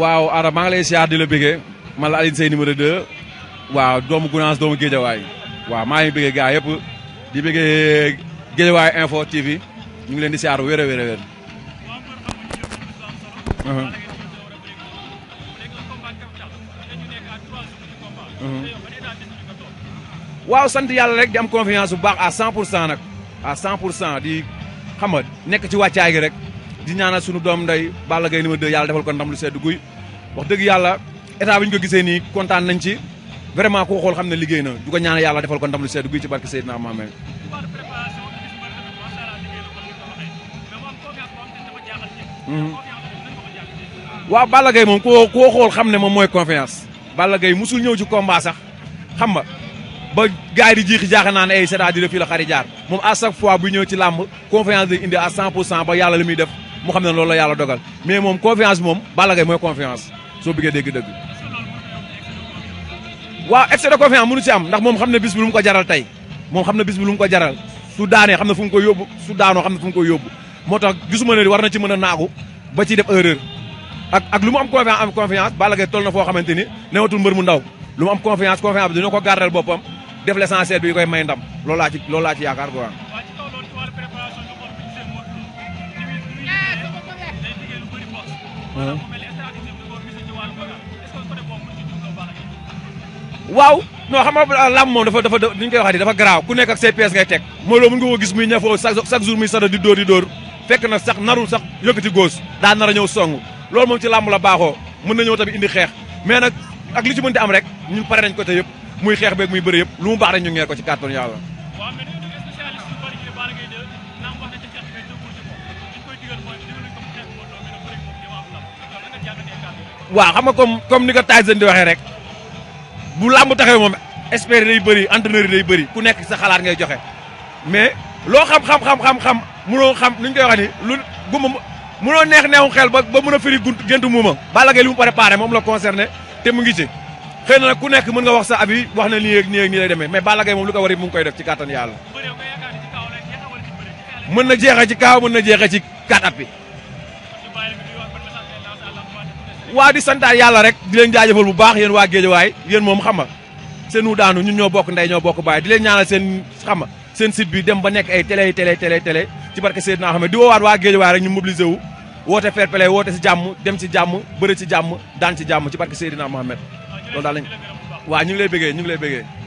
waaw ara maa ngi lay ziar di la bëggee man la Alioune Seye numéro 2 waaw doomu Gunaas doomu Géejawaay waaw maa ngi bëggee gars yëpp di bëggee Géejawaay Info TV ñu ngi leen di ziar wéer a wéer uh-huh. uh-huh. waaw sant yàlla rek di am confiance bu baax à cent pour cent nag à 100 pour cent xam nga nekk ci wàccaay gi rek di ñaanal sunu doom nday Balla ni numéro 2 yàlla defal ko ndam lu guy wax dëgg yàlla état bi ñu ko gisee nii kontaan nañ ci vraiment ku ko xool xam na liggéey na du ko ñaanal yàlla defal ko ndam lu ci barke Seydina Mohamed mhm. waaw Balla Gaye moom ku ko xool xam ne moom mooy confiance Balla Gaye musul ñëw ci combat sax xam nga ba gars yi di jiixi jaaxe naan ay eh, c'est-à-dire fii la xari jaar moom à chaque fois bu ñëw ci làmb confiance lay indi à 100 pour cent ba yàlla li muy def mu xam ne loolu la yàlla dogal mais moom confiance moom Balla Gaye mooy confiance soo bëggee dégg-dëgg. waaw excès de confiance mënu ci am ndax moom xam ne bis bi lu mu ko jaral tey moom xam ne bis bi lu mu ko jaral su daanee xam ne fu mu ko yóbbu su daanoo xam ne fu mu ko yóbbu moo tax gisuma ne war na ci mën a naagu ba ciy def erreur ak ak lu mu am confiance am confiance Balla Gaye toll foo xamante ni newatul mbër mu ndaw lu am confiance confiance bi dina ko gardel boppam def l'essentiel bi koy may ndam loolu la ci loolu la ci yakar quoi. waaw no xam nga lam mom dafa dafa ni ñu koy waxati dafa graw ku nek ak CPS ngay tek mo lo mën nga ko gis muy ñafo chaque jour muy sada di dor di dor fekk na sax narul sax yëkëti goos da na ra ñew song lool mom ci lam la baxo mën na ñew tabi indi xex mais nak ak li ci di am rek ñun paré nañ ko te yëpp muy xeex beeg muy bëri yëpp lu mu baax rek ñu ngeer ko ci carton yàlla waaw xam nga comme comme ni ko Tyson di waxee rek bu làmb taxawee moom expert yi day bëri entraîneur yi day bëri ku nekk sa xalaat ngay joxe mais loo xam xam xam xam xam mënoo xam nuñ koy wax ni lu gumba mënoo neex neexu xel ba ba mën a firi gunt géntu muuma Balla mu préparé moom la concerné te mu ngi ci xeyna na ku nek mën nga wax sa abi wax na ni ak ni ak ni lay demé mais balagay mom moom lu ko war mu ngi koy def ci katan yalla mën na jexé ci kaw mën na jexé ci katapi wa di santaat yalla rek di len jajeufal bu baax yéen waa Géejawaay yéen moom xam nga seen daanu ñun ñoo bok ndey ñoo bok baay di len ñaanal sen xam nga site bi dem ba nek ay télé télé télé télé ci barke sayyidna xam ne di wa waa way rek ñu mobiliser wu wote fair play wote ci jamm dem ci jamm beure ci jamm dan ci jamm ci barke sayyidna Mohamed loolu daal waa waaw ñu ngi lay bëggee ñu ngi lay bëggee